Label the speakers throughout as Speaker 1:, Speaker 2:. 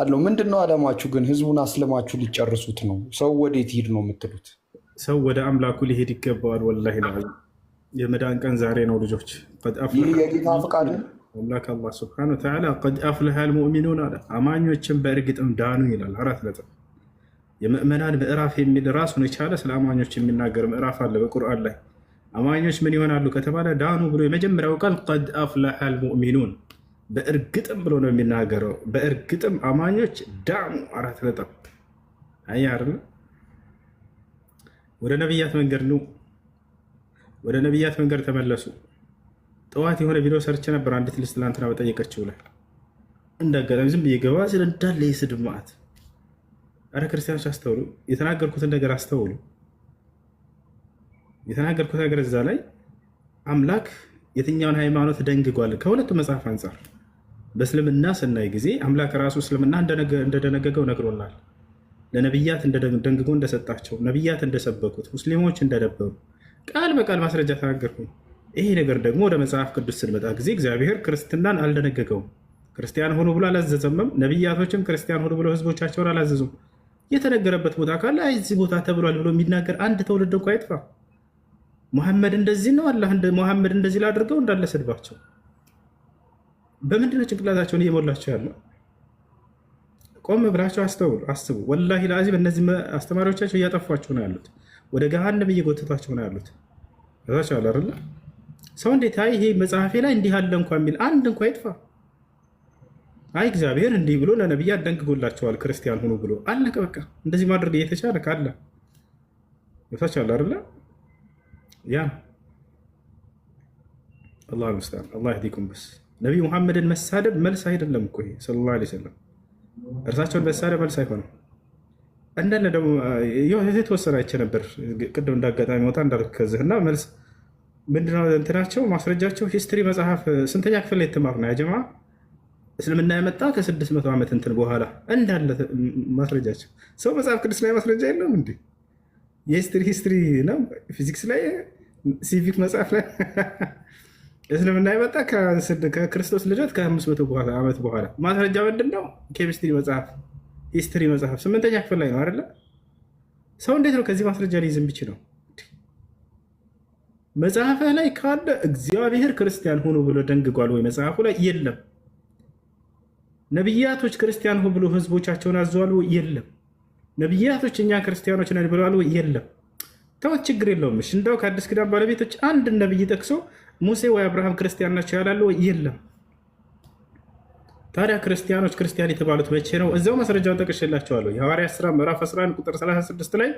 Speaker 1: አለው ምንድን ነው አላማችሁ? ግን ህዝቡን አስልማችሁ ሊጨርሱት ነው። ሰው ወዴት ሂድ ነው የምትሉት?
Speaker 2: ሰው ወደ አምላኩ ሊሄድ ይገባዋል። ወላሂ የመዳን ቀን ዛሬ ነው ልጆች።
Speaker 1: ይህ የጌታ ፍቃድ ነው።
Speaker 2: አምላክ አላህ ስብሐነሁ ወተዓላ ቀድ አፍለሃል ሙእሚኑን አለ አማኞችን በእርግጥም ዳኑ ይላል። አራት ነጥብ የምእመናን ምዕራፍ የሚል ራሱን የቻለ ስለ አማኞች የሚናገር ምዕራፍ አለ በቁርአን ላይ። አማኞች ምን ይሆናሉ ከተባለ ዳኑ ብሎ የመጀመሪያው ቃል ቀድ አፍለሃል ሙእሚኑን በእርግጥም ብሎ ነው የሚናገረው። በእርግጥም አማኞች ዳሙ አራት ነጥብ አያር ወደ ነቢያት መንገድ ነው። ወደ ነቢያት መንገድ ተመለሱ። ጠዋት የሆነ ቪዲዮ ሰርቼ ነበር። አንዲት ልጅ ትላንትና በጠየቀችው ላይ እንዳጋጣሚ ዝም ብዬ ገባ ስል እንዳለ የስድብ መዓት። አረ ክርስቲያኖች አስተውሉ፣ የተናገርኩትን ነገር አስተውሉ። የተናገርኩት ነገር እዛ ላይ አምላክ የትኛውን ሃይማኖት ደንግጓል ከሁለቱ መጽሐፍ አንጻር በእስልምና ስናይ ጊዜ አምላክ ራሱ እስልምና እንደደነገገው ነግሮናል። ለነቢያት እንደደንግጎ እንደሰጣቸው ነቢያት እንደሰበኩት ሙስሊሞች እንደነበሩ ቃል በቃል ማስረጃ ተናገርኩ። ይሄ ነገር ደግሞ ወደ መጽሐፍ ቅዱስ ስንመጣ ጊዜ እግዚአብሔር ክርስትናን አልደነገገውም። ክርስቲያን ሆኑ ብሎ አላዘዘመም። ነቢያቶችም ክርስቲያን ሆኑ ብሎ ህዝቦቻቸውን አላዘዙም። የተነገረበት ቦታ ካለ እዚህ ቦታ ተብሏል ብሎ የሚናገር አንድ ተውልድ እንኳ አይጥፋ። ሙሐመድ እንደዚህ ነው አላህ ሙሐመድ እንደዚህ ላድርገው እንዳለሰድባቸው በምንድነው ጭንቅላታቸውን እየሞላቸው ያለው? ቆም ብላቸው አስተውሉ፣ አስቡ። ወላሂ ለአዚም እነዚህ አስተማሪዎቻቸው እያጠፏቸው ነው ያሉት፣ ወደ ገሃነም እየጎተቷቸው ነው ያሉት። ዛቸዋል አለ ሰው እንዴት አይ ይሄ መጽሐፌ ላይ እንዲህ አለ እንኳ የሚል አንድ እንኳ ይጥፋ። አይ እግዚአብሔር እንዲህ ብሎ ለነቢያ አደንግጎላቸዋል ክርስቲያን ሆኖ ብሎ አለቀ። በቃ እንደዚህ ማድረግ እየተቻለ ካለ ዛቸዋል አለ ያ አላህ ልሙስታን አላህ ያህዲኩም በስ ነቢይ ሙሐመድን መሳደብ መልስ አይደለም እኮ ይሄ ሰለላሁ ዐለይሂ ወሰለም እርሳቸውን መሳደብ መልስ አይሆንም። እንደነ ደግሞ የተወሰነ አይቼ ነበር ቅድም እንዳጋጣሚ ወጣ እንዳልክ ከዚህ እና መልስ ምንድነው እንትናቸው ማስረጃቸው ሂስትሪ መጽሐፍ ስንተኛ ክፍል ላይ ትማር ነው ያጀማ እስልምና የመጣ ከስድስት መቶ ዓመት እንትን በኋላ እንዳለ ማስረጃቸው ሰው መጽሐፍ ቅዱስ ላይ ማስረጃ የለውም እንዲ የሂስትሪ ሂስትሪ ነው ፊዚክስ ላይ ሲቪክ መጽሐፍ ላይ እስልምና የመጣ ከክርስቶስ ልደት ከአምስት መቶ ዓመት በኋላ ማስረጃ ምንድን ነው? ኬሚስትሪ መጽሐፍ፣ ሂስትሪ መጽሐፍ ስምንተኛ ክፍል ላይ ነው አይደለ? ሰው እንዴት ነው ከዚህ ማስረጃ ሊይዝም ቢችለው? መጽሐፈ ላይ ካለ እግዚአብሔር ክርስቲያን ሆኖ ብሎ ደንግጓል ወይ? መጽሐፉ ላይ የለም። ነቢያቶች ክርስቲያን ሆ ብሎ ህዝቦቻቸውን አዘዋል ወይ? የለም። ነቢያቶች እኛ ክርስቲያኖች ነን ብለዋል ወይ? የለም። ተወት፣ ችግር የለውም። እሺ እንደው ከአዲስ ኪዳን ባለቤቶች አንድ ነብይ ጠቅሶ ሙሴ ወይ አብርሃም ክርስቲያን ናቸው ያላሉ የለም። ታዲያ ክርስቲያኖች ክርስቲያን የተባሉት መቼ ነው? እዚያው ማስረጃውን ጠቅሼላቸዋለሁ። የሐዋርያት ሥራ ምዕራፍ 11 ቁጥር 36 ላይ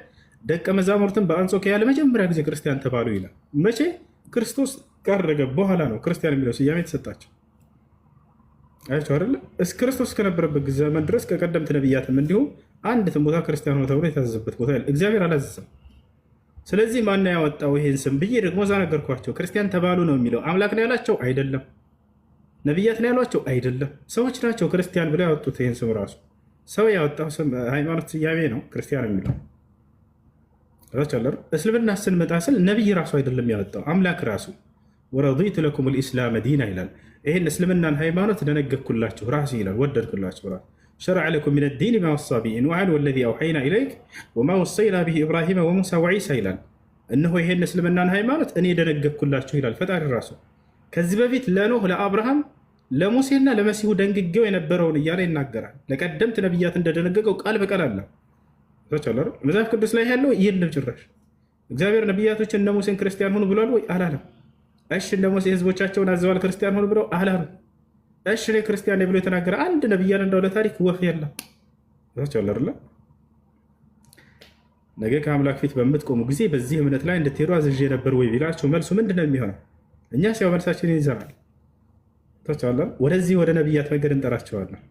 Speaker 2: ደቀ መዛሙርትን በአንጾኪያ ለመጀመሪያ ጊዜ ክርስቲያን ተባሉ ይላል። መቼ? ክርስቶስ ካረገ በኋላ ነው ክርስቲያን የሚለው ስያሜ የተሰጣቸው። አያቸው አይደለ? ክርስቶስ እስከነበረበት ዘመን ድረስ ከቀደምት ነብያትም እንዲሁም አንድ ቦታ ክርስቲያን ተብሎ የታዘዘበት ቦታ እግዚአብሔር አላዘዘም። ስለዚህ ማን ያወጣው ይህን ስም ብዬ ደግሞ እዛ ነገርኳቸው። ክርስቲያን ተባሉ ነው የሚለው አምላክ ነው ያላቸው አይደለም። ነቢያት ነው ያሏቸው አይደለም። ሰዎች ናቸው ክርስቲያን ብለው ያወጡት። ይህን ስም ራሱ ሰው ያወጣው ስም ሃይማኖት ስያሜ ነው ክርስቲያን የሚለው ቻለሩ። እስልምና ስንመጣ ስል ነቢይ ራሱ አይደለም ያወጣው አምላክ ራሱ ወረዲቱ ለኩም ልኢስላም ዲና ይላል። ይህን እስልምናን ሃይማኖት ደነገግኩላችሁ ራሱ ይላል ወደድኩላችሁ ራሱ شرع لكم من الدين ما وصى به نوحا والذي أوحينا إليك وما وصينا به إبراهيم وموسى وعيسى ይላል። እነሆ ይሄን እስልምናን ሃይማኖት እኔ ደነገግኩላችሁ ይላል ፈጣሪ ራሱ። ከዚህ በፊት ለኖህ ለአብርሃም ለሙሴና ለመሲሁ ደንግጌው የነበረውን እያለ ይናገራል። ለቀደምት ነቢያት እንደደነገገው ቃል በቃል አለ። መጽሐፍ ቅዱስ ላይ ያለው ይህንም ጭራሽ እግዚአብሔር ነቢያቶችን እነ ሙሴን ክርስቲያን ሁኑ ብሏል ወይ አላለም? እሺ እነ ሙሴ ህዝቦቻቸውን አዘዋል ክርስቲያን ሁኑ ብለው አላሉ እሺ እኔ ክርስቲያን ብሎ የተናገረ አንድ ነብያን እንዳው ለታሪክ ወፍ የለም። ነገ ከአምላክ ፊት በምትቆሙ ጊዜ በዚህ እምነት ላይ እንድትሄዱ አዝዤ ነበር ወይ ቢላቸው መልሱ ምንድን ነው የሚሆነው? እኛ ሲያው መልሳችን ይዘናል። ተቻለ ወደዚህ ወደ ነቢያት መንገድ እንጠራቸዋለን።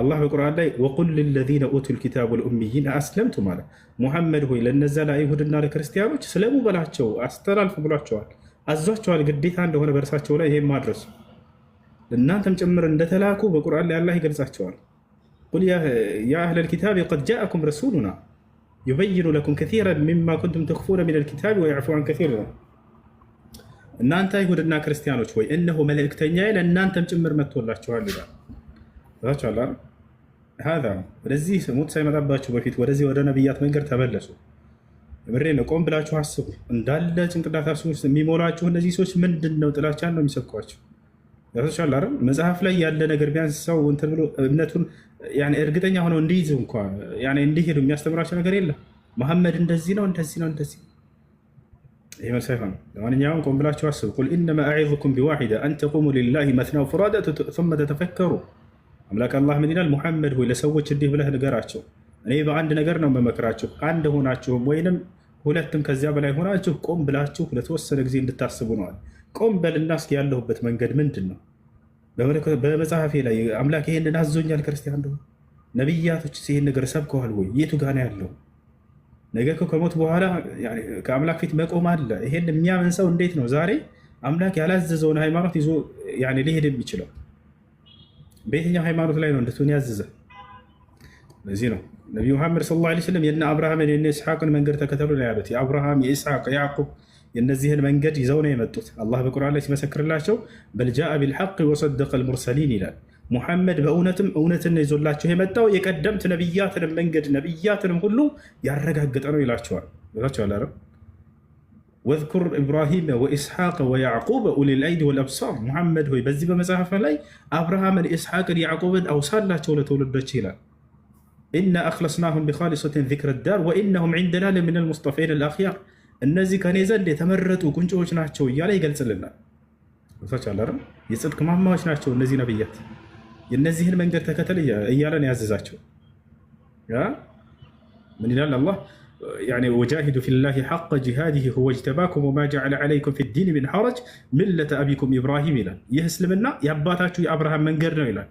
Speaker 2: አላህ በቁርአን ላይ ወቁል ልለዚነ ኡቱ ልኪታብ ልኡሚይን አስለምቱ ማለት ሙሐመድ ሆይ ለነዛ ለአይሁድና ለክርስቲያኖች ስለሙ በላቸው አስተላልፉ ብሏቸዋል፣ አዟቸዋል። ግዴታ እንደሆነ በእርሳቸው ላይ ይሄም ማድረሱ እናንተም ጭምር እንደተላኩ በቁርአን ላይ አላህ ይገልጻቸዋል። ቁል ያ አህለል ኪታብ ቀድ ጃአኩም ረሱሉና ዩበይኑ ለኩም ከሲረን ሚማ ኩንቱም ተክፉነ ሚነል ኪታብ ወየዕፉ አን ከሲር ነው። እናንተ አይሁድና ክርስቲያኖች ወይ እነሆ መልእክተኛዬ ለእናንተም ጭምር መጥቶላችኋል ይላል። ዛቸኋላ ሀዛ ወደዚህ ሞት ሳይመጣባችሁ በፊት ወደዚህ ወደ ነቢያት መንገድ ተመለሱ። ምሬ ነው። ቆም ብላችሁ አስቡ። እንዳለ ጭንቅላታችሁ ውስጥ የሚሞላችሁ እነዚህ ሰዎች ምንድን ነው ጥላቻን ነው የሚሰብኳቸው ያቶቻል አይደል መጽሐፍ ላይ ያለ ነገር ቢያንስ ሰው እንትን ብሎ እምነቱን እርግጠኛ ሆነው እንዲይዝ እንኳ እንዲሄዱ የሚያስተምራቸው ነገር የለም። መሐመድ እንደዚህ ነው እንደዚህ ነው እንደዚህ ይህ መልስ አይሆንም። ለማንኛውም ቆም ብላችሁ አስቡ። ቁል ኢነማ አዒዙኩም ቢዋሒዳ አን ተቁሙ ሊላሂ መስና ፍራዳ ሱመ ተተፈከሩ። አምላክ አላህ ምን ይላል? ሙሐመድ ሆይ ለሰዎች እንዲህ ብለህ ንገራቸው፣ እኔ በአንድ ነገር ነው መመክራችሁ፣ አንድ ሆናችሁም ወይንም ሁለትም ከዚያ በላይ ሆናችሁ ቆም ብላችሁ ለተወሰነ ጊዜ እንድታስቡ ነዋል ቆም በልና እስኪ ያለሁበት መንገድ ምንድን ነው? በመጽሐፌ ላይ አምላክ ይሄንን አዞኛል ክርስቲያን ደሆ ነቢያቶች ይህን ነገር ሰብከዋል ወይ? የቱ ጋ ያለው ነገር ከሞት በኋላ ከአምላክ ፊት መቆም አለ። ይሄን የሚያምን ሰው እንዴት ነው ዛሬ አምላክ ያላዘዘውን ሃይማኖት ይዞ ሊሄድ የሚችለው? በየትኛው ሃይማኖት ላይ ነው እንደትሆን ያዘዘ? ለዚህ ነው ነቢዩ መሐመድ ሰለላሁ ዓለይሂ ወሰለም የነ አብርሃምን የነ ኢስሐቅን መንገድ ተከተሉ ነው ያሉት። የአብርሃም የኢስሐቅ የያዕቁብ የእነዚህን መንገድ ይዘው ነው የመጡት። አላህ በቁርአን ላይ ሲመሰክርላቸው በልጃአ ቢልሐቅ ወሰደቀ ልሙርሰሊን ይላል። ሙሐመድ በእውነትም እውነትን ይዞላቸው የመጣው የቀደምት ነቢያትንም መንገድ ነቢያትንም ሁሉ ያረጋገጠ ነው ይላቸዋል ይላቸዋል። ወዝኩር ኢብራሂም ወኢስሐቅ ወያዕቁብ ኡሊል አይዲ ወልአብሳር። ሙሐመድ ሆይ በዚህ በመጽሐፍ ላይ አብርሃምን፣ ኢስሐቅን፣ ያዕቁብን አውሳላቸው ለትውልዶች ይላል። ኢና አክለስናሁም ቢኻሊሰትን ዚክረ ዳር ወኢነሁም ዒንደና ለሚነል ሙስጠፊን አልአኽያር እነዚህ ከኔ ዘንድ የተመረጡ ቁንጮዎች ናቸው እያለ ይገልጽልናል። ቻ የጽድቅ ማማዎች ናቸው እነዚህ ነብያት፣ የእነዚህን መንገድ ተከተል እያለን ያዘዛቸው። ምን ይላል አላህ? ወጃሂዱ ፊላሂ ሐቀ ጂሃዲሂ ሁወ እጅተባኩም ወማ ጀዐለ ዐለይኩም ፊዲን ሚን ሐረጅ ሚለተ አቢኩም ኢብራሂም ይላል። ይህ እስልምና የአባታችሁ የአብርሃም መንገድ ነው ይላል።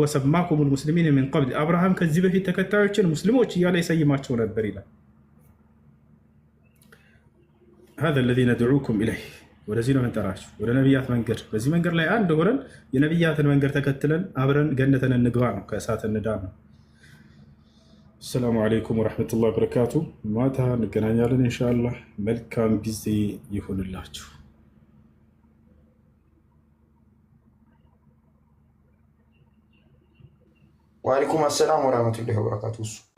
Speaker 2: ወሰማኩም ልሙስሊሚን ሚን ቀብል አብርሃም ከዚህ በፊት ተከታዮችን ሙስሊሞች እያለ ይሰይማቸው ነበር ይላል። ሀዘ ለዚ ነድዑኩም ኢለይህ ወደዚህ ነው የምንጠራችሁ፣ ወደ ነቢያት መንገድ። በዚህ መንገድ ላይ አንድ ሆነን የነቢያትን መንገድ ተከትለን አብረን ገነተን እንግባ ነው፣ ከእሳት እንዳን ነው። አሰላሙ አለይኩም ወረሕመቱላሂ ወበረካቱ። ማታ እንገናኛለን ኢንሻአላህ። መልካም ጊዜ ይሁንላችሁ። ወአለይኩም አሰላም ወረሕመቱላሂ ወበረካቱ።